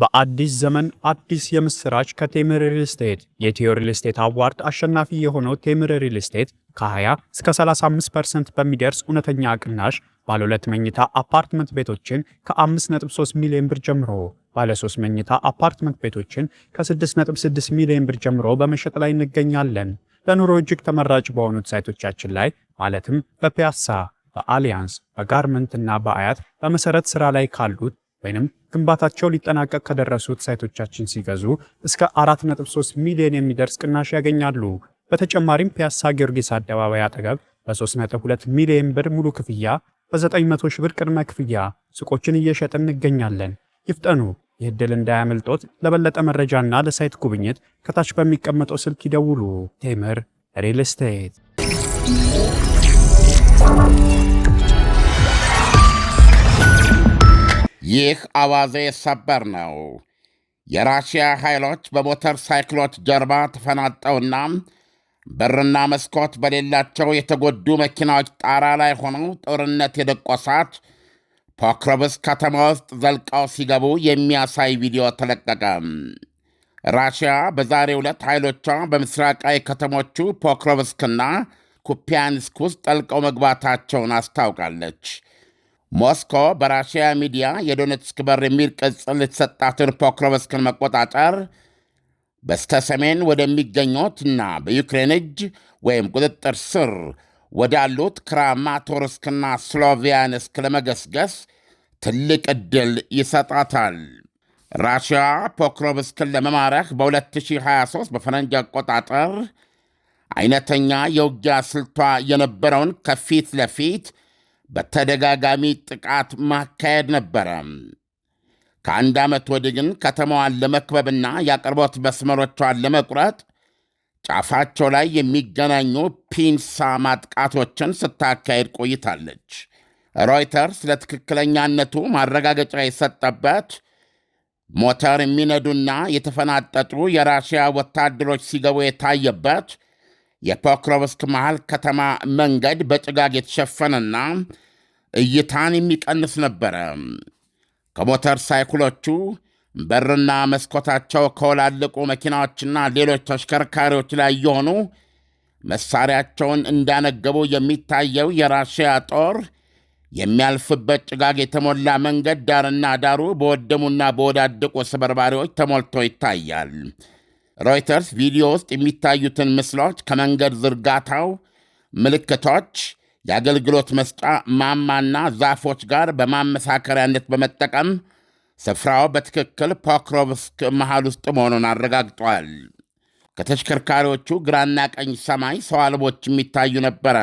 በአዲስ ዘመን አዲስ የምስራች ከቴምር ሪል ስቴት የኢትዮ ሪል ስቴት አዋርድ አሸናፊ የሆነው ቴምር ሪል ስቴት ከ20 እስከ 35% በሚደርስ እውነተኛ ቅናሽ ባለ ሁለት መኝታ አፓርትመንት ቤቶችን ከ5.3 ሚሊዮን ብር ጀምሮ ባለ 3 መኝታ አፓርትመንት ቤቶችን ከ6.6 ሚሊዮን ብር ጀምሮ በመሸጥ ላይ እንገኛለን። ለኑሮ እጅግ ተመራጭ በሆኑት ሳይቶቻችን ላይ ማለትም በፒያሳ፣ በአሊያንስ፣ በጋርመንት እና በአያት በመሰረት ስራ ላይ ካሉት ወይም ግንባታቸው ሊጠናቀቅ ከደረሱት ሳይቶቻችን ሲገዙ እስከ 4.3 ሚሊዮን የሚደርስ ቅናሽ ያገኛሉ። በተጨማሪም ፒያሳ ጊዮርጊስ አደባባይ አጠገብ በ3.2 ሚሊዮን ብር ሙሉ ክፍያ፣ በ900 ሺህ ብር ቅድመ ክፍያ ሱቆችን እየሸጥን እንገኛለን። ይፍጠኑ! ይህ ዕድል እንዳያመልጦት። ለበለጠ መረጃና ለሳይት ጉብኝት ከታች በሚቀመጠው ስልክ ይደውሉ። ቴምር ሪል ስቴት ይህ አዋዜ ሰበር ነው። የራሽያ ኃይሎች በሞተር ሳይክሎች ጀርባ ተፈናጠውና በርና መስኮት በሌላቸው የተጎዱ መኪናዎች ጣራ ላይ ሆነው ጦርነት የደቆሳት ፖክሮብስ ከተማ ውስጥ ዘልቀው ሲገቡ የሚያሳይ ቪዲዮ ተለቀቀ። ራሽያ በዛሬ ዕለት ኃይሎቿ በምስራቃዊ ከተሞቹ ፖክሮቭስክና ኩፒያንስክ ውስጥ ጠልቀው መግባታቸውን አስታውቃለች። ሞስኮ በራሽያ ሚዲያ የዶኔትስክ በር የሚል ቅጽል የተሰጣትን ፖክሮቭስክን መቆጣጠር በስተ ሰሜን ወደሚገኙትና በዩክሬን እጅ ወይም ቁጥጥር ስር ወዳሉት ክራማቶርስክና ስሎቪያንስክ ለመገስገስ ትልቅ ዕድል ይሰጣታል። ራሽያ ፖክሮቭስክን ለመማረክ በ2023 በፈረንጅ አቆጣጠር አይነተኛ የውጊያ ስልቷ የነበረውን ከፊት ለፊት በተደጋጋሚ ጥቃት ማካሄድ ነበረ። ከአንድ ዓመት ወዲህ ግን ከተማዋን ለመክበብና የአቅርቦት መስመሮቿን ለመቁረጥ ጫፋቸው ላይ የሚገናኙ ፒንሳ ማጥቃቶችን ስታካሄድ ቆይታለች። ሮይተርስ ለትክክለኛነቱ ማረጋገጫ የሰጠበት ሞተር የሚነዱና የተፈናጠጡ የራሽያ ወታደሮች ሲገቡ የታየበት የፖክሮቭስክ መሃል ከተማ መንገድ በጭጋግ የተሸፈነና እይታን የሚቀንስ ነበረ። ከሞተር ሳይክሎቹ በርና መስኮታቸው ከወላለቁ መኪናዎችና ሌሎች ተሽከርካሪዎች ላይ የሆኑ መሳሪያቸውን እንዳነገቡ የሚታየው የራሽያ ጦር የሚያልፍበት ጭጋግ የተሞላ መንገድ ዳርና ዳሩ በወደሙና በወዳደቁ ስበርባሪዎች ተሞልቶ ይታያል። ሮይተርስ ቪዲዮ ውስጥ የሚታዩትን ምስሎች ከመንገድ ዝርጋታው ምልክቶች፣ የአገልግሎት መስጫ ማማና ዛፎች ጋር በማመሳከሪያነት በመጠቀም ስፍራው በትክክል ፖክሮቭስክ መሃል ውስጥ መሆኑን አረጋግጧል። ከተሽከርካሪዎቹ ግራና ቀኝ ሰማይ ሰው አልቦች የሚታዩ ነበረ።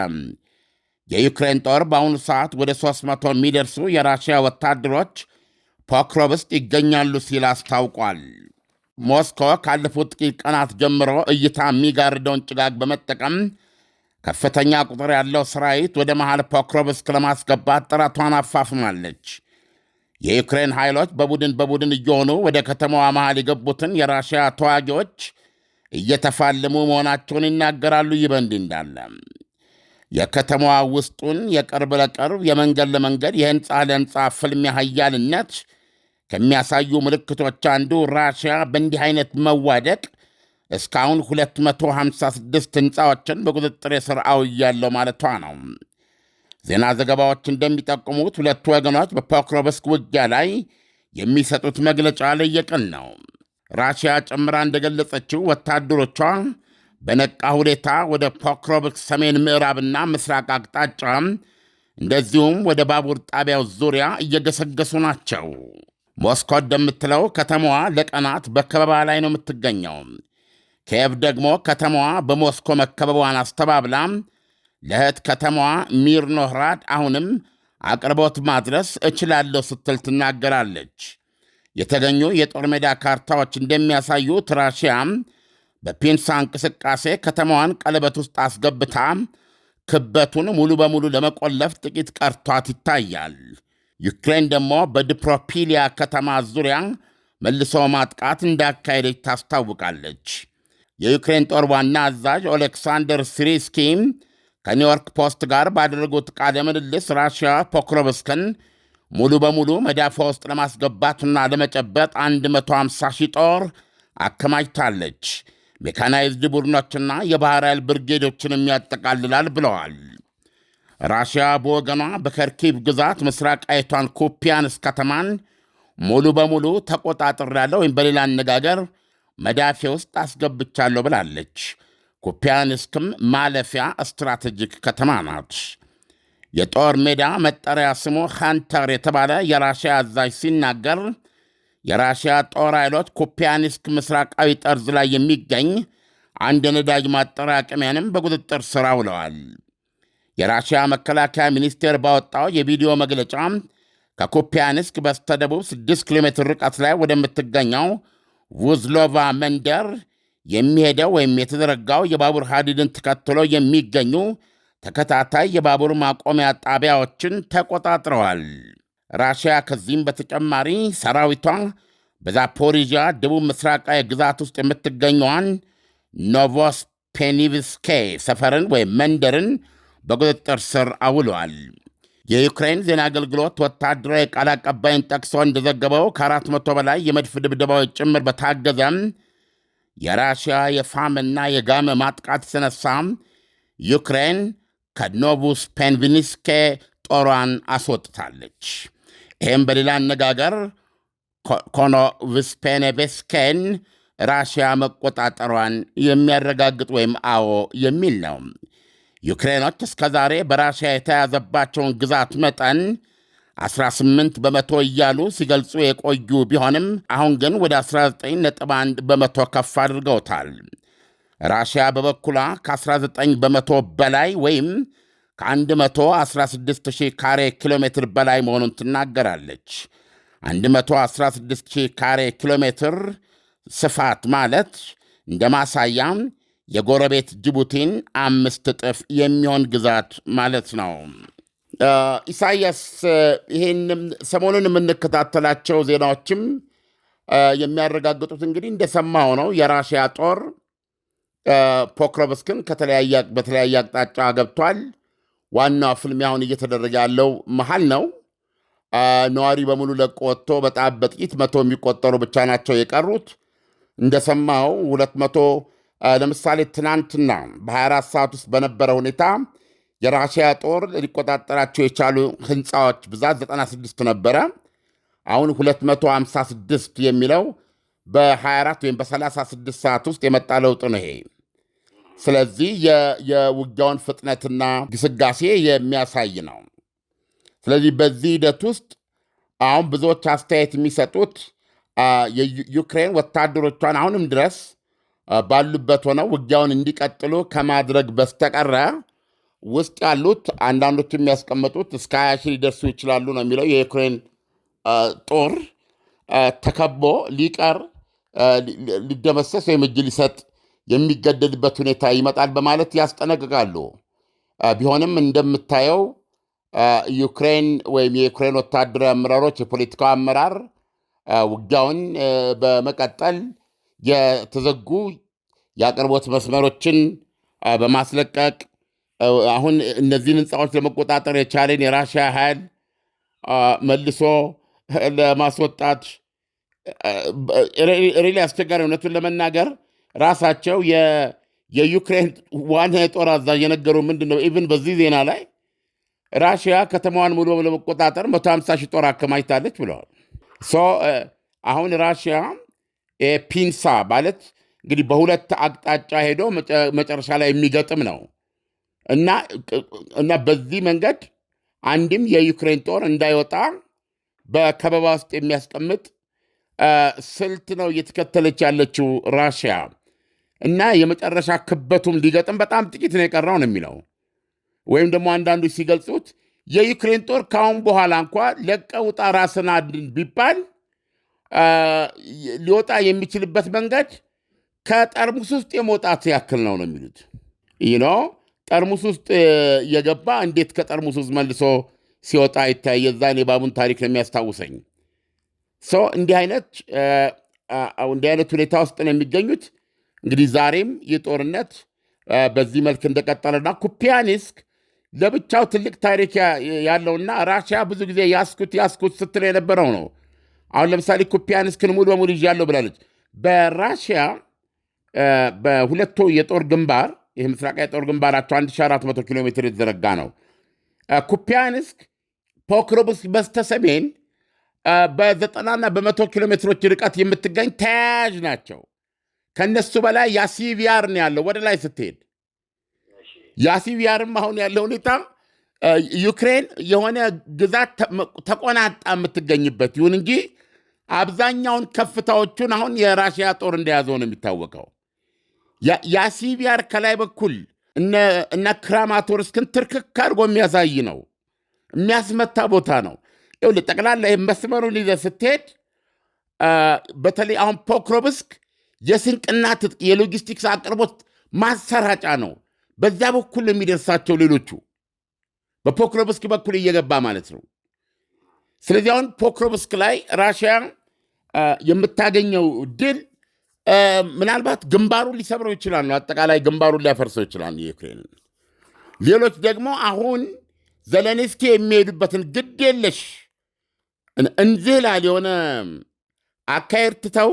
የዩክሬን ጦር በአሁኑ ሰዓት ወደ 300 የሚደርሱ የራሽያ ወታደሮች ፖክሮቭስክ ይገኛሉ ሲል አስታውቋል። ሞስኮ ካለፉት ጥቂት ቀናት ጀምሮ እይታ የሚጋርደውን ጭጋግ በመጠቀም ከፍተኛ ቁጥር ያለው ሰራዊት ወደ መሃል ፖክሮቭስክ ለማስገባት ጥረቷን አፋፍማለች። የዩክሬን ኃይሎች በቡድን በቡድን እየሆኑ ወደ ከተማዋ መሃል የገቡትን የራሽያ ተዋጊዎች እየተፋለሙ መሆናቸውን ይናገራሉ። ይህ በእንዲህ እንዳለ የከተማዋ ውስጡን የቅርብ ለቅርብ የመንገድ ለመንገድ የህንፃ ለህንፃ ፍልሚያ ኃያልነት ከሚያሳዩ ምልክቶች አንዱ ራሽያ በእንዲህ አይነት መዋደቅ እስካሁን 256 ሕንፃዎችን በቁጥጥር ስር አውያለሁ ማለቷ ነው። ዜና ዘገባዎች እንደሚጠቁሙት ሁለቱ ወገኖች በፖክሮቭስክ ውጊያ ላይ የሚሰጡት መግለጫ ለየቅን ነው። ራሽያ ጨምራ እንደገለጸችው ወታደሮቿ በነቃ ሁኔታ ወደ ፖክሮቭስክ ሰሜን ምዕራብና ምስራቅ አቅጣጫ እንደዚሁም ወደ ባቡር ጣቢያው ዙሪያ እየገሰገሱ ናቸው። ሞስኮ እንደምትለው ከተማዋ ለቀናት በከበባ ላይ ነው የምትገኘው። ኪየቭ ደግሞ ከተማዋ በሞስኮ መከበቧን አስተባብላ ለእህት ከተማዋ ሚርኖህራድ አሁንም አቅርቦት ማድረስ እችላለሁ ስትል ትናገራለች። የተገኙ የጦር ሜዳ ካርታዎች እንደሚያሳዩት ራሽያ በፒንሳ እንቅስቃሴ ከተማዋን ቀለበት ውስጥ አስገብታ ክበቱን ሙሉ በሙሉ ለመቆለፍ ጥቂት ቀርቷት ይታያል። ዩክሬን ደግሞ በድፕሮፒሊያ ከተማ ዙሪያ መልሶ ማጥቃት እንዳካሄደች ታስታውቃለች። የዩክሬን ጦር ዋና አዛዥ ኦሌክሳንደር ስሪስኪ ከኒውዮርክ ፖስት ጋር ባደረጉት ቃለ ምልልስ ራሽያ ፖክሮቭስክን ሙሉ በሙሉ መዳፋ ውስጥ ለማስገባትና ለመጨበጥ 150 ሺህ ጦር አከማችታለች፣ ሜካናይዝድ ቡድኖችና የባህር ኃይል ብርጌዶችንም ያጠቃልላል ብለዋል። ራሽያ በወገኗ በከርኪቭ ግዛት ምስራቃዊቷን ኩፒያንስ ከተማን ሙሉ በሙሉ ተቆጣጥሬያለሁ ወይም በሌላ አነጋገር መዳፌ ውስጥ አስገብቻለሁ ብላለች። ኩፒያንስክም ማለፊያ ስትራቴጂክ ከተማ ናት። የጦር ሜዳ መጠሪያ ስሙ ሃንተር የተባለ የራሽያ አዛዥ ሲናገር የራሽያ ጦር ኃይሎች ኩፒያንስክ ምስራቃዊ ጠርዝ ላይ የሚገኝ አንድ ነዳጅ ማጠራቀሚያንም በቁጥጥር ሥር አውለዋል። የራሽያ መከላከያ ሚኒስቴር ባወጣው የቪዲዮ መግለጫ ከኩፒያንስክ በስተደቡብ 6 ኪሎ ሜትር ርቀት ላይ ወደምትገኘው ቮዝሎቫ መንደር የሚሄደው ወይም የተዘረጋው የባቡር ሀዲድን ተከትሎ የሚገኙ ተከታታይ የባቡር ማቆሚያ ጣቢያዎችን ተቆጣጥረዋል። ራሽያ ከዚህም በተጨማሪ ሰራዊቷ በዛፖሪዣ ደቡብ ምስራቃዊ ግዛት ውስጥ የምትገኘዋን ኖቮስፔኒቭስኬ ሰፈርን ወይም መንደርን በቁጥጥር ስር አውሏል። የዩክሬን ዜና አገልግሎት ወታደራዊ ቃል አቀባይን ጠቅሶ እንደዘገበው ከአራት መቶ በላይ የመድፍ ድብደባዎች ጭምር በታገዘም የራሽያ የፋምና የጋመ ማጥቃት የተነሳ ዩክሬን ከኖቡስ ፔንቪኒስኬ ጦሯን አስወጥታለች። ይህም በሌላ አነጋገር ኮኖቭስፔኔቬስኬን ራሽያ መቆጣጠሯን የሚያረጋግጥ ወይም አዎ የሚል ነው። ዩክሬኖች እስከ ዛሬ በራሽያ የተያዘባቸውን ግዛት መጠን 18 በመቶ እያሉ ሲገልጹ የቆዩ ቢሆንም አሁን ግን ወደ 19.1 በመቶ ከፍ አድርገውታል። ራሽያ በበኩሏ ከ19 በመቶ በላይ ወይም ከ 116000 ካሬ ኪሎ ሜትር በላይ መሆኑን ትናገራለች። 116,000 ካሬ ኪሎ ሜትር ስፋት ማለት እንደ ማሳያም የጎረቤት ጅቡቲን አምስት እጥፍ የሚሆን ግዛት ማለት ነው። ኢሳያስ፣ ይህን ሰሞኑን የምንከታተላቸው ዜናዎችም የሚያረጋግጡት እንግዲህ እንደሰማው ነው። የራሽያ ጦር ፖክሮብስክን በተለያየ አቅጣጫ ገብቷል። ዋናው ፍልሚያ አሁን እየተደረገ ያለው መሀል ነው። ነዋሪ በሙሉ ለቆ ወጥቶ በጣም በጥቂት መቶ የሚቆጠሩ ብቻ ናቸው የቀሩት። እንደሰማው ሁለት መቶ ለምሳሌ ትናንትና በ24 ሰዓት ውስጥ በነበረ ሁኔታ የራሽያ ጦር ሊቆጣጠራቸው የቻሉ ህንፃዎች ብዛት 96 ነበረ። አሁን 256 የሚለው በ24 ወይም በ36 ሰዓት ውስጥ የመጣ ለውጥ ነው ይሄ። ስለዚህ የውጊያውን ፍጥነትና ግስጋሴ የሚያሳይ ነው። ስለዚህ በዚህ ሂደት ውስጥ አሁን ብዙዎች አስተያየት የሚሰጡት የዩክሬን ወታደሮቿን አሁንም ድረስ ባሉበት ሆነው ውጊያውን እንዲቀጥሉ ከማድረግ በስተቀረ ውስጥ ያሉት አንዳንዶቹ የሚያስቀምጡት እስከ ሀያ ሺህ ሊደርሱ ይችላሉ ነው የሚለው የዩክሬን ጦር ተከቦ ሊቀር ሊደመሰስ ወይም እጅ ሊሰጥ የሚገደድበት ሁኔታ ይመጣል በማለት ያስጠነቅቃሉ። ቢሆንም እንደምታየው ዩክሬን ወይም የዩክሬን ወታደራዊ አመራሮች፣ የፖለቲካው አመራር ውጊያውን በመቀጠል የተዘጉ የአቅርቦት መስመሮችን በማስለቀቅ አሁን እነዚህን ህንፃዎች ለመቆጣጠር የቻለን የራሽያ ኃይል መልሶ ለማስወጣት ሪሊ አስቸጋሪ እውነቱን ለመናገር ራሳቸው የዩክሬን ዋና የጦር አዛዥ የነገሩ ምንድን ነው? ኢቭን በዚህ ዜና ላይ ራሽያ ከተማዋን ሙሉ ለመቆጣጠር መቶ 150 ሺህ ጦር አከማችታለች ብለዋል። አሁን ራሽያ ፒንሳ ማለት እንግዲህ በሁለት አቅጣጫ ሄዶ መጨረሻ ላይ የሚገጥም ነው እና እና በዚህ መንገድ አንድም የዩክሬን ጦር እንዳይወጣ በከበባ ውስጥ የሚያስቀምጥ ስልት ነው እየተከተለች ያለችው ራሽያ እና የመጨረሻ ክበቱም ሊገጥም በጣም ጥቂት ነው የቀረው ነው የሚለው ወይም ደግሞ አንዳንዶች ሲገልጹት የዩክሬን ጦር ካሁን በኋላ እንኳ ለቀውጣ ውጣ ራስን አድን ቢባል ሊወጣ የሚችልበት መንገድ ከጠርሙስ ውስጥ የመውጣት ያክል ነው ነው የሚሉት ይኖ ጠርሙስ ውስጥ የገባ እንዴት ከጠርሙስ ውስጥ መልሶ ሲወጣ ይታይ። የዛን የባቡን ታሪክ ነው የሚያስታውሰኝ። እንዲህ አይነት ሁኔታ ውስጥ ነው የሚገኙት። እንግዲህ ዛሬም ይህ ጦርነት በዚህ መልክ እንደቀጠለና ኩፒያኒስክ ለብቻው ትልቅ ታሪክ ያለውና ራሽያ ብዙ ጊዜ ያስኩት ያስኩት ስትል የነበረው ነው። አሁን ለምሳሌ ኩፒያኒስክን ሙሉ በሙሉ ይዣለሁ ብላለች በራሽያ በሁለቱ የጦር ግንባር ይህ ምስራቃዊ የጦር ግንባራቸው 1400 ኪሎ ሜትር የተዘረጋ ነው። ኩፒያንስክ ፖክሮብስክ በስተሰሜን በዘጠናና በመቶ ኪሎ ሜትሮች ርቀት የምትገኝ ተያያዥ ናቸው። ከነሱ በላይ ያሲቪያር ነው ያለው ወደ ላይ ስትሄድ። ያሲቪያርም አሁን ያለው ሁኔታ ዩክሬን የሆነ ግዛት ተቆናጣ የምትገኝበት ይሁን እንጂ አብዛኛውን ከፍታዎቹን አሁን የራሽያ ጦር እንደያዘው ነው የሚታወቀው። የሲቪአር ከላይ በኩል እነ ክራማቶርስክን ትርክክ አድርጎ የሚያሳይ ነው። የሚያስመታ ቦታ ነው። ጠቅላላ ይህ መስመሩን ይዘህ ስትሄድ በተለይ አሁን ፖክሮብስክ የስንቅና ትጥቅ የሎጂስቲክስ አቅርቦት ማሰራጫ ነው። በዛ በኩል የሚደርሳቸው ሌሎቹ በፖክሮብስክ በኩል እየገባ ማለት ነው። ስለዚህ አሁን ፖክሮብስክ ላይ ራሽያ የምታገኘው ድል ምናልባት ግንባሩን ሊሰብረው ይችላል ነው አጠቃላይ ግንባሩን ሊያፈርሰው ይችላል የዩክሬን። ሌሎች ደግሞ አሁን ዘለንስኪ የሚሄዱበትን ግድ የለሽ እንዝላል የሆነ አካሄድ ትተው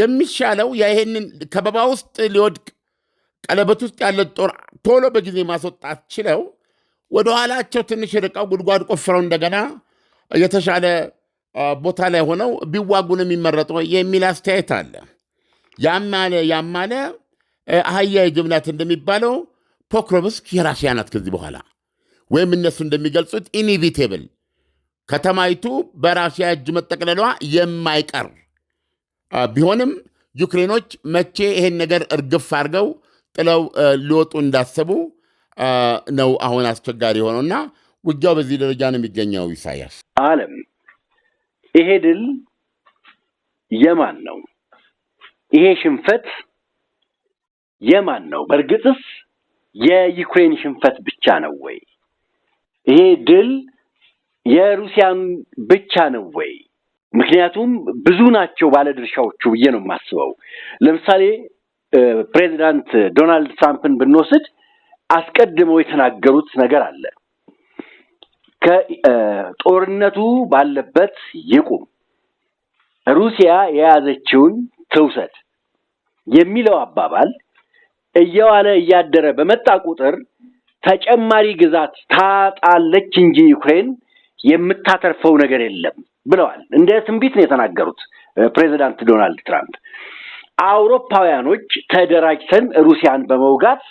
የሚሻለው ይህንን ከበባ ውስጥ ሊወድቅ ቀለበት ውስጥ ያለ ጦር ቶሎ በጊዜ ማስወጣት ችለው ወደኋላቸው ትንሽ ርቀው ጉድጓድ ቆፍረው እንደገና የተሻለ ቦታ ላይ ሆነው ቢዋጉን የሚመረጠው የሚል አስተያየት አለ። ያማለ ያማለ አህያ የጅብናት እንደሚባለው ፖክሮቭስክ የራሽያ ናት ከዚህ በኋላ ወይም እነሱ እንደሚገልጹት ኢኒቪቴብል ከተማይቱ በራሽያ እጅ መጠቅለሏ የማይቀር ቢሆንም ዩክሬኖች መቼ ይሄን ነገር እርግፍ አድርገው ጥለው ሊወጡ እንዳሰቡ ነው አሁን አስቸጋሪ የሆነው እና ውጊያው በዚህ ደረጃ ነው የሚገኘው። ኢሳያስ አለም ይሄ ድል የማን ነው? ይሄ ሽንፈት የማን ነው? በእርግጥስ የዩክሬን ሽንፈት ብቻ ነው ወይ? ይሄ ድል የሩሲያን ብቻ ነው ወይ? ምክንያቱም ብዙ ናቸው ባለድርሻዎቹ ብዬ ነው የማስበው። ለምሳሌ ፕሬዚዳንት ዶናልድ ትራምፕን ብንወስድ አስቀድመው የተናገሩት ነገር አለ። ከጦርነቱ ባለበት ይቁም፣ ሩሲያ የያዘችውን ትውሰድ የሚለው አባባል እየዋለ እያደረ በመጣ ቁጥር ተጨማሪ ግዛት ታጣለች እንጂ ዩክሬን የምታተርፈው ነገር የለም ብለዋል። እንደ ትንቢት ነው የተናገሩት ፕሬዚዳንት ዶናልድ ትራምፕ። አውሮፓውያኖች ተደራጅተን ሩሲያን በመውጋት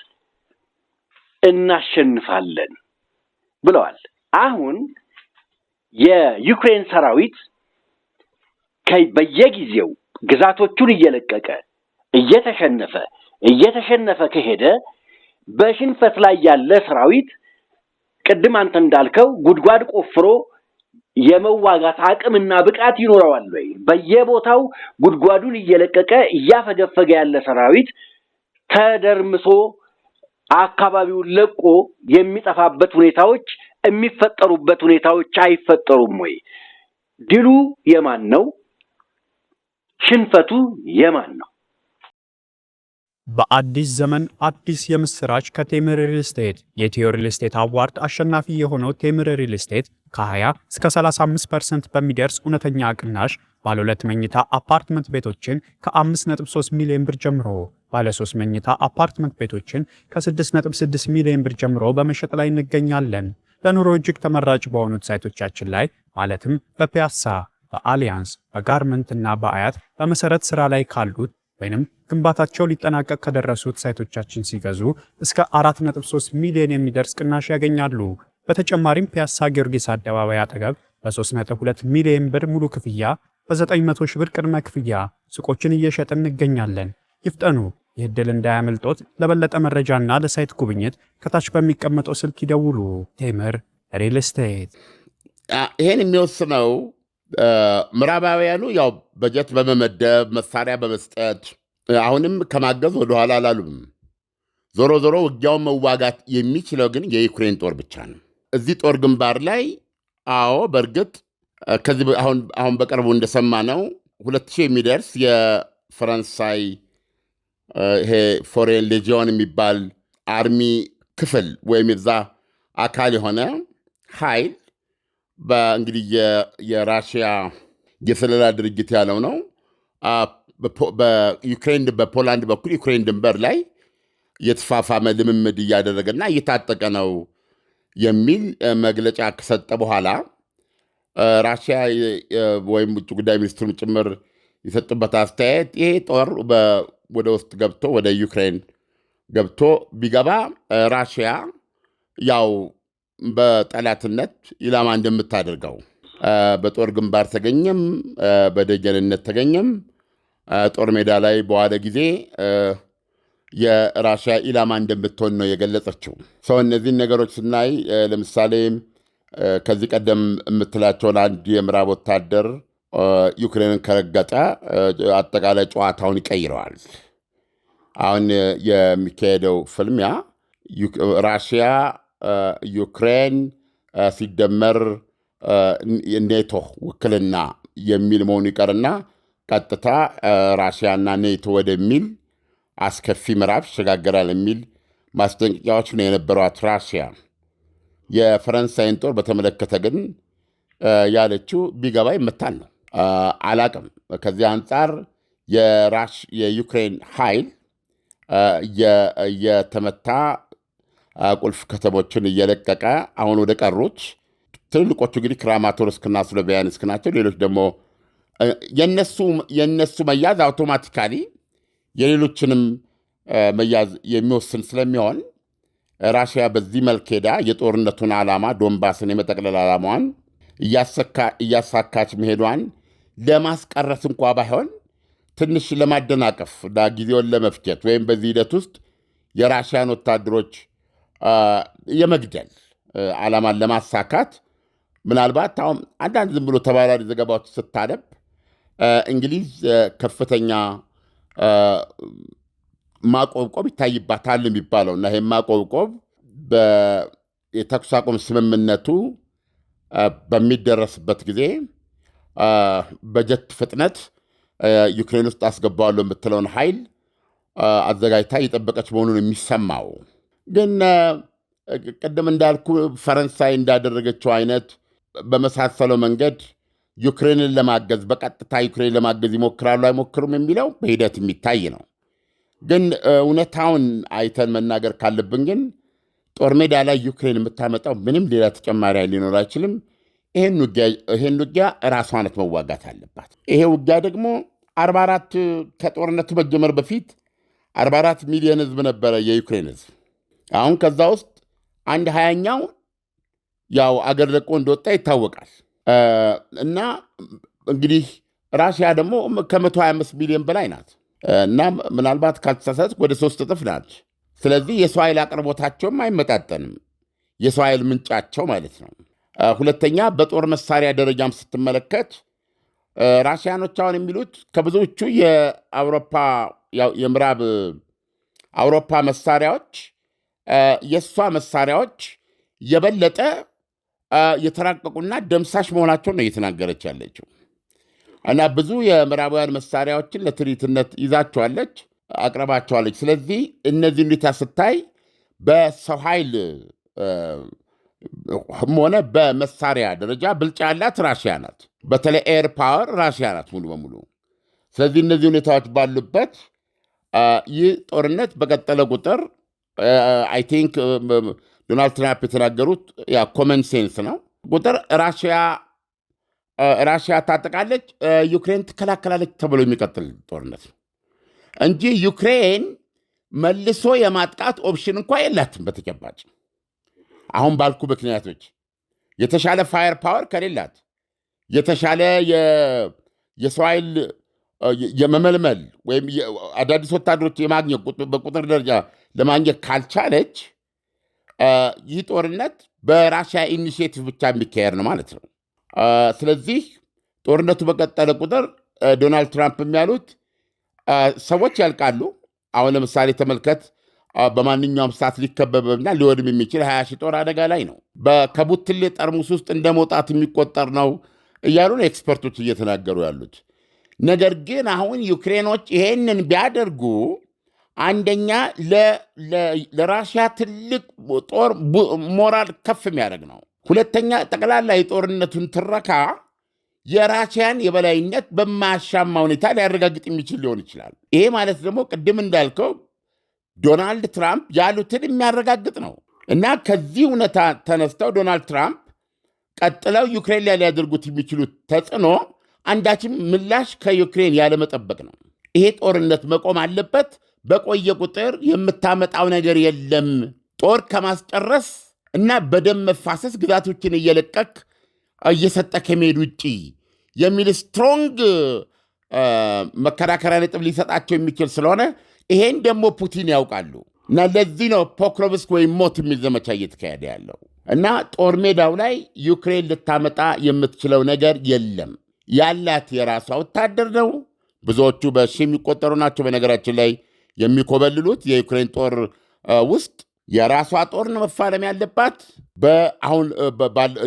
እናሸንፋለን ብለዋል። አሁን የዩክሬን ሰራዊት በየጊዜው ግዛቶቹን እየለቀቀ እየተሸነፈ እየተሸነፈ ከሄደ በሽንፈት ላይ ያለ ሰራዊት ቅድም አንተ እንዳልከው ጉድጓድ ቆፍሮ የመዋጋት አቅምና ብቃት ይኖረዋል ወይ? በየቦታው ጉድጓዱን እየለቀቀ እያፈገፈገ ያለ ሰራዊት ተደርምሶ አካባቢውን ለቆ የሚጠፋበት ሁኔታዎች የሚፈጠሩበት ሁኔታዎች አይፈጠሩም ወይ? ድሉ የማን ነው? ሽንፈቱ የማን ነው? በአዲስ ዘመን አዲስ የምስራች ከቴምር ሪል ስቴት የኢትዮ ሪል ስቴት አዋርድ አሸናፊ የሆነው ቴምር ሪል ስቴት ከ20 እስከ 35% በሚደርስ እውነተኛ ቅናሽ ባለ ሁለት መኝታ አፓርትመንት ቤቶችን ከ5.3 ሚሊዮን ብር ጀምሮ ባለ 3 መኝታ አፓርትመንት ቤቶችን ከ6.6 ሚሊዮን ብር ጀምሮ በመሸጥ ላይ እንገኛለን። ለኑሮ እጅግ ተመራጭ በሆኑት ሳይቶቻችን ላይ ማለትም በፒያሳ በአሊያንስ በጋርመንት እና በአያት በመሰረት ስራ ላይ ካሉት ወይም ግንባታቸው ሊጠናቀቅ ከደረሱት ሳይቶቻችን ሲገዙ እስከ 4.3 ሚሊዮን የሚደርስ ቅናሽ ያገኛሉ። በተጨማሪም ፒያሳ ጊዮርጊስ አደባባይ አጠገብ በ3.2 ሚሊዮን ብር ሙሉ ክፍያ፣ በ900 ሺህ ብር ቅድመ ክፍያ ሱቆችን እየሸጥን እንገኛለን። ይፍጠኑ! ይህ ዕድል እንዳያመልጦት። ለበለጠ መረጃና ለሳይት ጉብኝት ከታች በሚቀመጠው ስልክ ይደውሉ። ቴምር ሪል ስቴት ይህን የሚወስነው ምዕራባውያኑ ያው በጀት በመመደብ መሳሪያ በመስጠት አሁንም ከማገዝ ወደኋላ አላሉም። ዞሮ ዞሮ ውጊያውን መዋጋት የሚችለው ግን የዩክሬን ጦር ብቻ ነው። እዚህ ጦር ግንባር ላይ አዎ፣ በእርግጥ ከዚህ አሁን በቅርቡ ነው ሁለት ሺህ የሚደርስ የፈረንሳይ ይሄ ፎሬን ሌጂዮን የሚባል አርሚ ክፍል ወይም የዛ አካል የሆነ ኃይል በእንግዲህ የራሽያ የስለላ ድርጅት ያለው ነው። በዩክሬን በፖላንድ በኩል ዩክሬን ድንበር ላይ የተፋፋመ ልምምድ እያደረገና እየታጠቀ ነው የሚል መግለጫ ከሰጠ በኋላ ራሽያ ወይም ውጭ ጉዳይ ሚኒስትሩም ጭምር የሰጡበት አስተያየት ይሄ ጦር ወደ ውስጥ ገብቶ ወደ ዩክሬን ገብቶ ቢገባ ራሽያ ያው በጠላትነት ኢላማ እንደምታደርገው በጦር ግንባር ተገኘም በደጀንነት ተገኘም ጦር ሜዳ ላይ በዋለ ጊዜ የራሽያ ኢላማ እንደምትሆን ነው የገለጸችው። ሰው እነዚህን ነገሮች ስናይ ለምሳሌ ከዚህ ቀደም የምትላቸውን አንድ የምዕራብ ወታደር ዩክሬንን ከረገጠ አጠቃላይ ጨዋታውን ይቀይረዋል። አሁን የሚካሄደው ፍልሚያ ራሽያ ዩክሬን ሲደመር ኔቶ ውክልና የሚል መሆኑ ይቀርና ቀጥታ ራሽያና ኔቶ ወደሚል አስከፊ ምዕራፍ ይሸጋገራል የሚል ማስጠንቀቂያዎች ነው የነበሯት ራሽያ። የፈረንሳይን ጦር በተመለከተ ግን ያለችው ቢገባ ይመታል ነው። አላቅም። ከዚህ አንጻር የዩክሬን ኃይል እየተመታ ቁልፍ ከተሞችን እየለቀቀ አሁን ወደ ቀሩት ትልልቆቹ እንግዲህ ክራማቶርስክና ስሎቪያንስክ ናቸው። ሌሎች ደግሞ የእነሱ መያዝ አውቶማቲካሊ የሌሎችንም መያዝ የሚወስን ስለሚሆን ራሽያ በዚህ መልክ ሄዳ የጦርነቱን ዓላማ ዶንባስን የመጠቅለል ዓላማዋን እያሳካች መሄዷን ለማስቀረት እንኳ ባይሆን ትንሽ ለማደናቀፍ ጊዜውን ለመፍጀት ወይም በዚህ ሂደት ውስጥ የራሽያን ወታደሮች የመግደል ዓላማን ለማሳካት ምናልባት አሁን አንዳንድ ዝም ብሎ ተባራሪ ዘገባዎች ስታነብ እንግሊዝ ከፍተኛ ማቆብቆብ ይታይባታል የሚባለው እና ይህም ማቆብቆብ የተኩስ አቁም ስምምነቱ በሚደረስበት ጊዜ በጀት ፍጥነት ዩክሬን ውስጥ አስገባዋለሁ የምትለውን ኃይል አዘጋጅታ እየጠበቀች መሆኑን የሚሰማው ግን ቅድም እንዳልኩ ፈረንሳይ እንዳደረገችው አይነት በመሳሰለው መንገድ ዩክሬንን ለማገዝ በቀጥታ ዩክሬን ለማገዝ ይሞክራሉ አይሞክሩም የሚለው በሂደት የሚታይ ነው። ግን እውነታውን አይተን መናገር ካለብን ግን ጦር ሜዳ ላይ ዩክሬን የምታመጣው ምንም ሌላ ተጨማሪ ሊኖር አይችልም። ይህን ውጊያ ራሷ ናት መዋጋት አለባት። ይሄ ውጊያ ደግሞ 44 ከጦርነቱ መጀመር በፊት 44 ሚሊዮን ህዝብ ነበረ የዩክሬን ህዝብ አሁን ከዛ ውስጥ አንድ ሀያኛው ያው አገር ለቆ እንደወጣ ይታወቃል። እና እንግዲህ ራሽያ ደግሞ ከ125 ቢሊዮን በላይ ናት እና ምናልባት ካልተሳሳትኩ ወደ ሶስት እጥፍ ናች። ስለዚህ የሰው ኃይል አቅርቦታቸውም አይመጣጠንም፣ የሰው ኃይል ምንጫቸው ማለት ነው። ሁለተኛ በጦር መሳሪያ ደረጃም ስትመለከት ራሽያኖች አሁን የሚሉት ከብዙዎቹ የአውሮፓ የምዕራብ አውሮፓ መሳሪያዎች የእሷ መሳሪያዎች የበለጠ የተራቀቁና ደምሳሽ መሆናቸውን ነው እየተናገረች ያለችው እና ብዙ የምዕራባውያን መሳሪያዎችን ለትርኢትነት ይዛቸዋለች፣ አቅርባቸዋለች። ስለዚህ እነዚህ ሁኔታ ስታይ በሰው ኃይል ሆነ በመሳሪያ ደረጃ ብልጫ ያላት ራሽያ ናት። በተለይ ኤር ፓወር ራሽያ ናት ሙሉ በሙሉ። ስለዚህ እነዚህ ሁኔታዎች ባሉበት ይህ ጦርነት በቀጠለ ቁጥር አይ ቲንክ ዶናልድ ትራምፕ የተናገሩት ያ ኮመን ሴንስ ነው። ቁጥር ራሽያ ታጠቃለች፣ ዩክሬን ትከላከላለች ተብሎ የሚቀጥል ጦርነት ነው እንጂ ዩክሬን መልሶ የማጥቃት ኦፕሽን እንኳ የላትም። በተጨባጭ አሁን ባልኩ ምክንያቶች የተሻለ ፋየር ፓወር ከሌላት የተሻለ የሰው ኃይል የመመልመል ወይም አዳዲስ ወታደሮች የማግኘት በቁጥር ደረጃ ለማግኘት ካልቻለች ይህ ጦርነት በራሽያ ኢኒሽቲቭ ብቻ የሚካሄድ ነው ማለት ነው። ስለዚህ ጦርነቱ በቀጠለ ቁጥር ዶናልድ ትራምፕ የሚያሉት ሰዎች ያልቃሉ። አሁን ለምሳሌ ተመልከት፣ በማንኛውም ሰዓት ሊከበብና ሊወድም የሚችል ሀያ ሺህ ጦር አደጋ ላይ ነው። ከቡትሌ ጠርሙስ ውስጥ እንደ መውጣት የሚቆጠር ነው እያሉ ነው ኤክስፐርቶች እየተናገሩ ያሉት። ነገር ግን አሁን ዩክሬኖች ይሄንን ቢያደርጉ አንደኛ ለራሽያ ትልቅ ጦር ሞራል ከፍ የሚያደርግ ነው። ሁለተኛ ጠቅላላ የጦርነቱን ትረካ የራሽያን የበላይነት በማያሻማ ሁኔታ ሊያረጋግጥ የሚችል ሊሆን ይችላል። ይሄ ማለት ደግሞ ቅድም እንዳልከው ዶናልድ ትራምፕ ያሉትን የሚያረጋግጥ ነው እና ከዚህ እውነታ ተነስተው ዶናልድ ትራምፕ ቀጥለው ዩክሬን ላይ ሊያደርጉት የሚችሉት ተጽዕኖ አንዳችም ምላሽ ከዩክሬን ያለመጠበቅ ነው። ይሄ ጦርነት መቆም አለበት። በቆየ ቁጥር የምታመጣው ነገር የለም። ጦር ከማስጨረስ እና በደም መፋሰስ ግዛቶችን እየለቀቅ እየሰጠ ከመሄድ ውጭ የሚል ስትሮንግ መከራከሪያ ነጥብ ሊሰጣቸው የሚችል ስለሆነ ይሄን ደግሞ ፑቲን ያውቃሉ እና ለዚህ ነው ፖክሮቭስክ ወይም ሞት የሚል ዘመቻ እየተካሄደ ያለው እና ጦር ሜዳው ላይ ዩክሬን ልታመጣ የምትችለው ነገር የለም። ያላት የራሷ ወታደር ነው። ብዙዎቹ በሺ የሚቆጠሩ ናቸው። በነገራችን ላይ የሚኮበልሉት የዩክሬን ጦር ውስጥ የራሷ ጦር ነው መፋለም ያለባት። በአሁን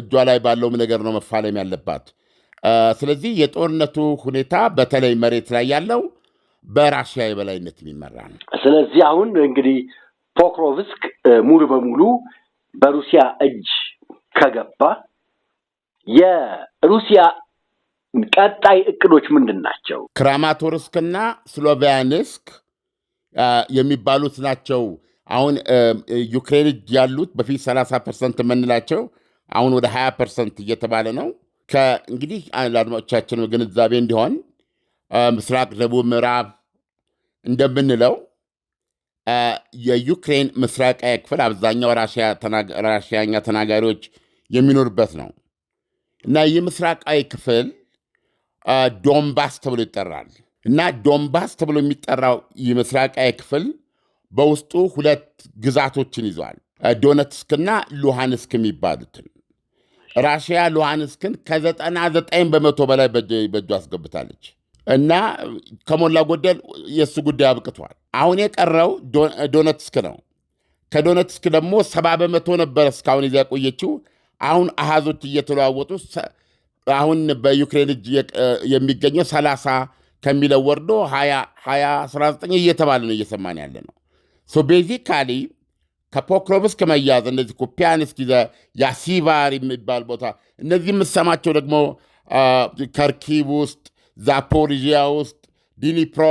እጇ ላይ ባለውም ነገር ነው መፋለም ያለባት። ስለዚህ የጦርነቱ ሁኔታ በተለይ መሬት ላይ ያለው በራሽያ የበላይነት የሚመራ ነው። ስለዚህ አሁን እንግዲህ ፖክሮቭስክ ሙሉ በሙሉ በሩሲያ እጅ ከገባ የሩሲያ ቀጣይ እቅዶች ምንድን ናቸው? ክራማቶርስክና ስሎቪያንስክ የሚባሉት ናቸው። አሁን ዩክሬን እጅ ያሉት በፊት 30 ፐርሰንት የምንላቸው አሁን ወደ 20 ፐርሰንት እየተባለ ነው። እንግዲህ ለአድማጮቻችን ግንዛቤ እንዲሆን ምስራቅ፣ ደቡብ፣ ምዕራብ እንደምንለው የዩክሬን ምስራቃዊ ክፍል አብዛኛው ራሽያኛ ተናጋሪዎች የሚኖርበት ነው እና ይህ ምስራቃዊ ክፍል ዶንባስ ተብሎ ይጠራል እና ዶንባስ ተብሎ የሚጠራው የምስራቃዊ ክፍል በውስጡ ሁለት ግዛቶችን ይዟል። ዶነትስክና ሉሃንስክ የሚባሉትን ራሽያ ሉሃንስክን ከ99 በመቶ በላይ በእጁ አስገብታለች እና ከሞላ ጎደል የእሱ ጉዳይ አብቅቷል። አሁን የቀረው ዶነትስክ ነው። ከዶነትስክ ደግሞ ሰባ በመቶ ነበረ እስካሁን ይዛ የቆየችው። አሁን አሃዞች እየተለዋወጡ አሁን በዩክሬን እጅ የሚገኘው 30 ከሚለው ወርዶ 29 እየተባለ ነው እየሰማን ያለ ነው። ቤዚካሊ ከፖክሮቭስክ መያዝ እነዚህ ኩፒያንስክ ያሲቫር የሚባል ቦታ እነዚህ የምሰማቸው ደግሞ ከርኪቭ ውስጥ ዛፖሪዥያ ውስጥ ዲኒፕሮ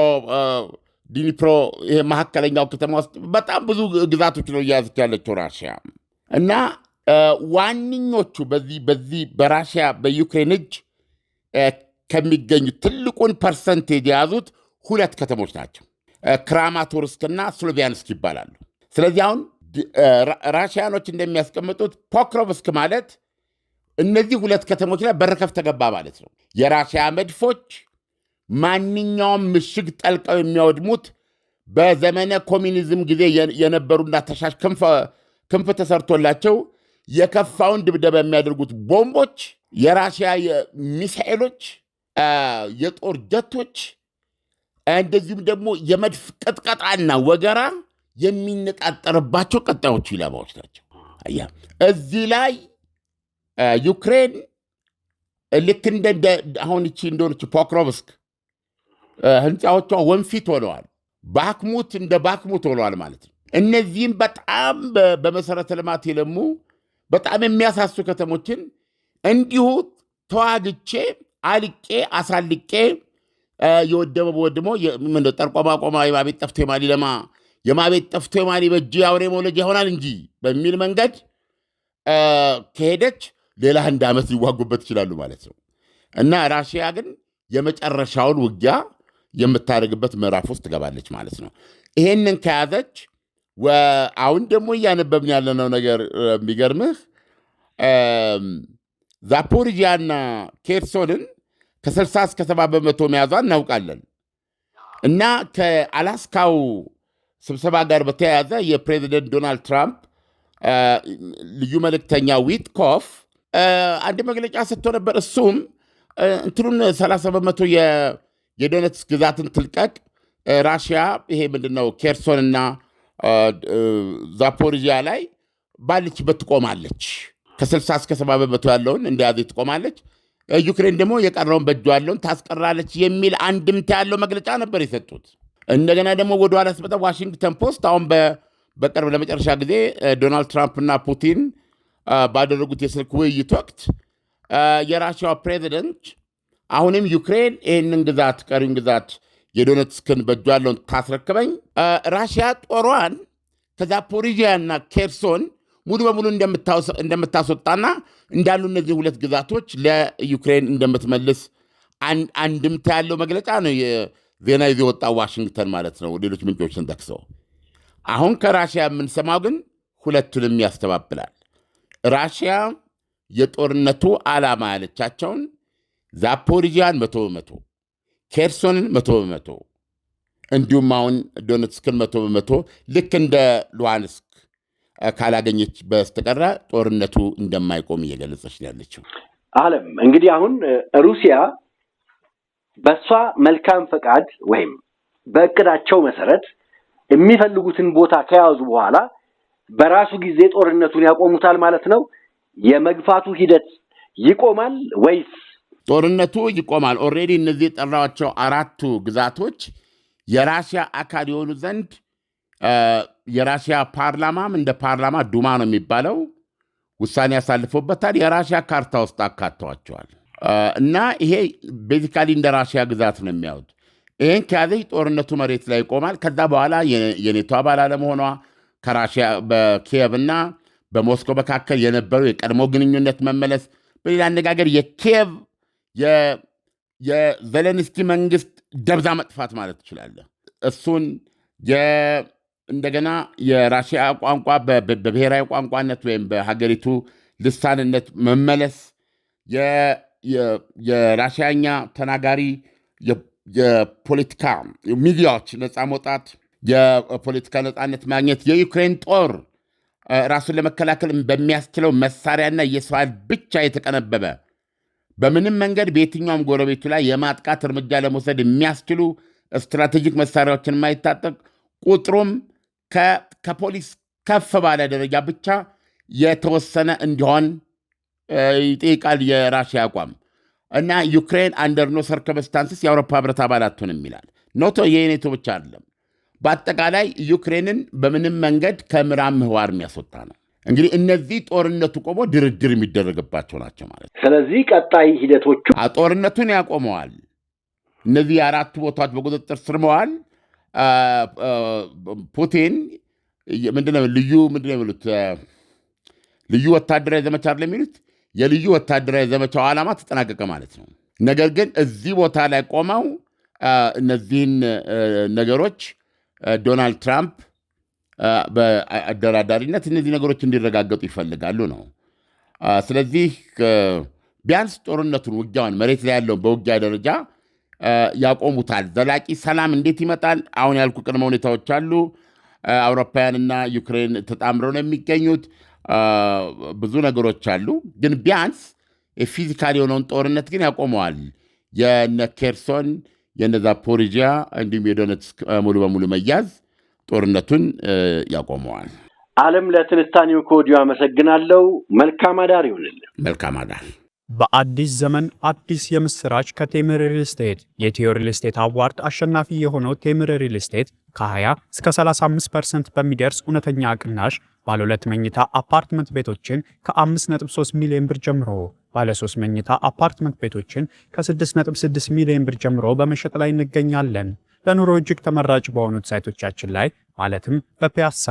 ዲኒፕሮ ይሄ መካከለኛው ከተማ ውስጥ በጣም ብዙ ግዛቶች ነው እያያዘች ያለችው ራሽያ እና ዋነኞቹ በዚህ በዚህ በራሽያ በዩክሬን እጅ ከሚገኙ ትልቁን ፐርሰንቴጅ የያዙት ሁለት ከተሞች ናቸው። ክራማቶርስክና ስሎቪያንስክ ይባላሉ። ስለዚህ አሁን ራሽያኖች እንደሚያስቀምጡት ፖክሮቭስክ ማለት እነዚህ ሁለት ከተሞች ላይ በረከፍ ተገባ ማለት ነው። የራሽያ መድፎች ማንኛውም ምሽግ ጠልቀው የሚያወድሙት በዘመነ ኮሚኒዝም ጊዜ የነበሩና ተሻሽ ክንፍ ተሰርቶላቸው የከፋውን ድብደባ የሚያደርጉት ቦምቦች፣ የራሽያ ሚሳኤሎች፣ የጦር ጀቶች እንደዚሁም ደግሞ የመድፍ ቅጥቀጣና ወገራ የሚነጣጠርባቸው ቀጣዮቹ ኢላማዎች ናቸው። እዚህ ላይ ዩክሬን ልክ እንደ አሁን እንደሆነች ፖክሮቭስክ ህንፃዎቿ ወንፊት ሆነዋል። ባክሙት እንደ ባክሙት ሆነዋል ማለት ነው። እነዚህም በጣም በመሰረተ ልማት የለሙ በጣም የሚያሳሱ ከተሞችን እንዲሁ ተዋግቼ አልቄ አሳልቄ የወደመ በወድሞ ጠርቆማ ቆማ የማቤት ጠፍቶ የማሊ ለማ የማቤት ጠፍቶ የማሊ በእጅ አውሬ መውለጃ ይሆናል እንጂ በሚል መንገድ ከሄደች ሌላ አንድ ዓመት ሊዋጉበት ይችላሉ ማለት ነው እና ራሽያ ግን የመጨረሻውን ውጊያ የምታደርግበት ምዕራፍ ውስጥ ትገባለች ማለት ነው። ይሄንን ከያዘች አሁን ደግሞ እያነበብን ያለነው ነገር የሚገርምህ ዛፖሪጂያና ኬርሶንን ከ60 እስከ 70 በመቶ መያዟ እናውቃለን። እና ከአላስካው ስብሰባ ጋር በተያያዘ የፕሬዚደንት ዶናልድ ትራምፕ ልዩ መልእክተኛ ዊትኮፍ አንድ መግለጫ ሰጥቶ ነበር። እሱም እንትኑን 30 በመቶ የዶነትስ ግዛትን ትልቀቅ ራሽያ ይሄ ምንድነው ኬርሶንና ዛፖሪዚያ ላይ ባለችበት ትቆማለች። ከ60 እስከ 70 በመቶ ያለውን እንደያዘ ትቆማለች። ዩክሬን ደግሞ የቀረውን በእጇ ያለውን ታስቀራለች የሚል አንድምታ ያለው መግለጫ ነበር የሰጡት። እንደገና ደግሞ ወደኋላ ስመጣ ዋሽንግተን ፖስት አሁን በቅርብ ለመጨረሻ ጊዜ ዶናልድ ትራምፕና ፑቲን ባደረጉት የስልክ ውይይት ወቅት የራሽያው ፕሬዚደንት አሁንም ዩክሬን ይህንን ግዛት ቀሪውን ግዛት የዶነትስክን በእጁ ያለውን ካስረክበኝ ራሽያ ጦሯን ከዛፖሪዥያና ኬርሶን ሙሉ በሙሉ እንደምታስወጣና እንዳሉ እነዚህ ሁለት ግዛቶች ለዩክሬን እንደምትመልስ አንድምታ ያለው መግለጫ ነው ዜና ይዞ የወጣው ዋሽንግተን ማለት ነው። ሌሎች ምንጮችን ጠቅሰው አሁን ከራሽያ የምንሰማው ግን ሁለቱንም ያስተባብላል። ራሽያ የጦርነቱ ዓላማ ያለቻቸውን ዛፖሪጂያን መቶ በመቶ ኬርሶንን መቶ በመቶ እንዲሁም አሁን ዶኔትስክን መቶ በመቶ ልክ እንደ ሉሃንስክ ካላገኘች በስተቀራ ጦርነቱ እንደማይቆም እየገለጸች ያለችው አለም እንግዲህ አሁን ሩሲያ በእሷ መልካም ፈቃድ ወይም በእቅዳቸው መሰረት የሚፈልጉትን ቦታ ከያዙ በኋላ በራሱ ጊዜ ጦርነቱን ያቆሙታል ማለት ነው። የመግፋቱ ሂደት ይቆማል ወይስ ጦርነቱ ይቆማል። ኦልሬዲ እነዚህ የጠራቸው አራቱ ግዛቶች የራሽያ አካል የሆኑ ዘንድ የራሽያ ፓርላማም እንደ ፓርላማ ዱማ ነው የሚባለው ውሳኔ ያሳልፎበታል። የራሽያ ካርታ ውስጥ አካተዋቸዋል እና ይሄ ቤዚካሊ እንደ ራሽያ ግዛት ነው የሚያዩት። ይህን ከያዘች ጦርነቱ መሬት ላይ ይቆማል። ከዛ በኋላ የኔቶ አባል አለመሆኗ ከራሽያ እና በሞስኮ መካከል የነበረው የቀድሞ ግንኙነት መመለስ፣ በሌላ አነጋገር የኪየቭ የዘለንስኪ መንግስት ደብዛ መጥፋት ማለት ትችላለህ። እሱን እንደገና የራሽያ ቋንቋ በብሔራዊ ቋንቋነት ወይም በሀገሪቱ ልሳንነት መመለስ፣ የራሽያኛ ተናጋሪ የፖለቲካ ሚዲያዎች ነፃ መውጣት፣ የፖለቲካ ነፃነት ማግኘት፣ የዩክሬን ጦር ራሱን ለመከላከል በሚያስችለው መሳሪያና የሰው ኃይል ብቻ የተቀነበበ በምንም መንገድ በየትኛውም ጎረቤቱ ላይ የማጥቃት እርምጃ ለመውሰድ የሚያስችሉ ስትራቴጂክ መሳሪያዎችን የማይታጠቅ ቁጥሩም ከፖሊስ ከፍ ባለ ደረጃ ብቻ የተወሰነ እንዲሆን ይጠይቃል የራሽያ አቋም እና ዩክሬን አንደር ኖ ሰርከምስታንስስ የአውሮፓ ህብረት አባላት አትሆንም ይላል። ኖቶ የኔቶ ብቻ አይደለም። በአጠቃላይ ዩክሬንን በምንም መንገድ ከምዕራብ ምህዋር የሚያስወጣ ነው። እንግዲህ እነዚህ ጦርነቱ ቆሞ ድርድር የሚደረግባቸው ናቸው ማለት ነው። ስለዚህ ቀጣይ ሂደቶቹ ጦርነቱን ያቆመዋል። እነዚህ የአራቱ ቦታዎች በቁጥጥር ስር መዋል ፑቲን ምንድነው ልዩ ምንድነው የሚሉት ልዩ ወታደራዊ ዘመቻ አለ የሚሉት የልዩ ወታደራዊ ዘመቻው ዓላማ ተጠናቀቀ ማለት ነው። ነገር ግን እዚህ ቦታ ላይ ቆመው እነዚህን ነገሮች ዶናልድ ትራምፕ በአደራዳሪነት እነዚህ ነገሮች እንዲረጋገጡ ይፈልጋሉ ነው። ስለዚህ ቢያንስ ጦርነቱን፣ ውጊያውን መሬት ላይ ያለውን በውጊያ ደረጃ ያቆሙታል። ዘላቂ ሰላም እንዴት ይመጣል? አሁን ያልኩ ቅድመ ሁኔታዎች አሉ። አውሮፓውያንና ዩክሬን ተጣምረው ነው የሚገኙት። ብዙ ነገሮች አሉ። ግን ቢያንስ ፊዚካል የሆነውን ጦርነት ግን ያቆመዋል። የነ ኬርሶን የነ ዛፖሪጂያ እንዲሁም የዶነትስክ ሙሉ በሙሉ መያዝ ጦርነቱን ያቆመዋል። ዓለም ለትንታኔው ከወዲሁ አመሰግናለሁ። መልካም አዳር ይሆንልን። መልካም አዳር። በአዲስ ዘመን አዲስ የምስራች ከቴምር ሪል ስቴት የቴዎ ሪል ስቴት አዋርድ አሸናፊ የሆነው ቴምር ሪል ስቴት ከ20 እስከ 35 ፐርሰንት በሚደርስ እውነተኛ ቅናሽ ባለ ሁለት መኝታ አፓርትመንት ቤቶችን ከ5.3 ሚሊዮን ብር ጀምሮ ባለ 3 መኝታ አፓርትመንት ቤቶችን ከ6.6 ሚሊዮን ብር ጀምሮ በመሸጥ ላይ እንገኛለን። ለኑሮ እጅግ ተመራጭ በሆኑት ሳይቶቻችን ላይ ማለትም በፒያሳ፣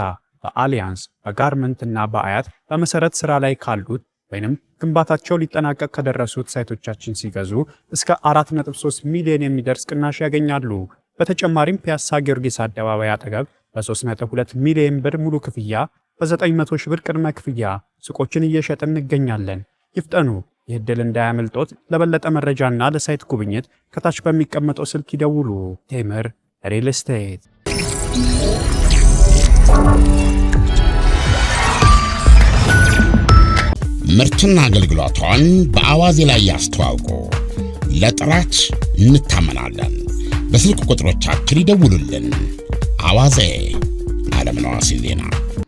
በአሊያንስ፣ በጋርመንት እና በአያት በመሰረት ስራ ላይ ካሉት ወይም ግንባታቸው ሊጠናቀቅ ከደረሱት ሳይቶቻችን ሲገዙ እስከ 4.3 ሚሊዮን የሚደርስ ቅናሽ ያገኛሉ። በተጨማሪም ፒያሳ ጊዮርጊስ አደባባይ አጠገብ በ3.2 ሚሊዮን ብር ሙሉ ክፍያ፣ በ900 ሺህ ብር ቅድመ ክፍያ ሱቆችን እየሸጥን እንገኛለን። ይፍጠኑ። ይህ ዕድል እንዳያመልጦት ለበለጠ መረጃና ለሳይት ጉብኝት ከታች በሚቀመጠው ስልክ ይደውሉ። ቴምር ሪል ስቴት። ምርትና አገልግሎቷን በአዋዜ ላይ ያስተዋውቁ። ለጥራች እንታመናለን። በስልክ ቁጥሮቻችን ይደውሉልን። አዋዜ አለምነህ ዋሴ ዜና